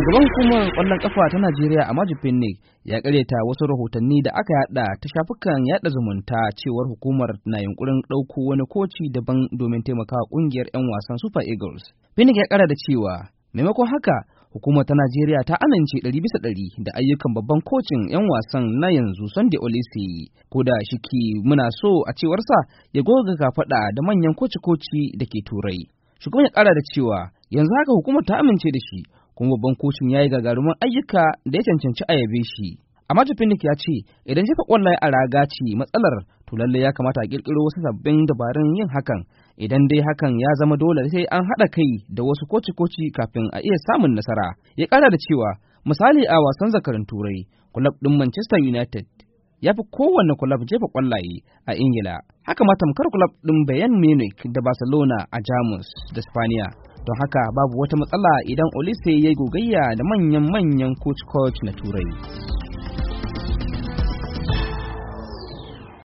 Shugaban hukumar kwallon kafa ta Najeriya a Pinnick ya karyata wasu rahotanni da aka yada ta shafukan yada zumunta cewar hukumar na yunkurin ɗauko wani koci daban domin taimakawa ƙungiyar 'yan wasan Super Eagles. Pinnick ya kara da cewa maimakon haka hukumar ta Najeriya ta amince ɗari bisa ɗari da ayyukan babban kocin 'yan wasan na yanzu Sunday Olise ko da shiki muna so a cewarsa ya goga kafaɗa da manyan koci-koci da ke turai. Shugaban ya ƙara da cewa yanzu haka hukumar ta amince da shi kuma babban kocin ya yi gagarumin ayyuka da ya cancanci a yabe shi. Amma Jafinik ya ce idan jefa kwallaye a raga ce matsalar to lalle ya kamata a ƙirƙiro wasu sabbin dabarun yin hakan idan dai hakan ya zama dole sai an haɗa kai da wasu koci-koci kafin a iya samun nasara. Ya ƙara da cewa misali a wasan zakarin turai kulab ɗin Manchester United ya fi kowanne kulab jefa ƙwallaye a Ingila. Haka ma tamkar kulab ɗin Bayern Munich da Barcelona a Jamus da Spaniya. don haka babu wata matsala idan olise ya yi gogayya da manyan-manyan coach-coach na turai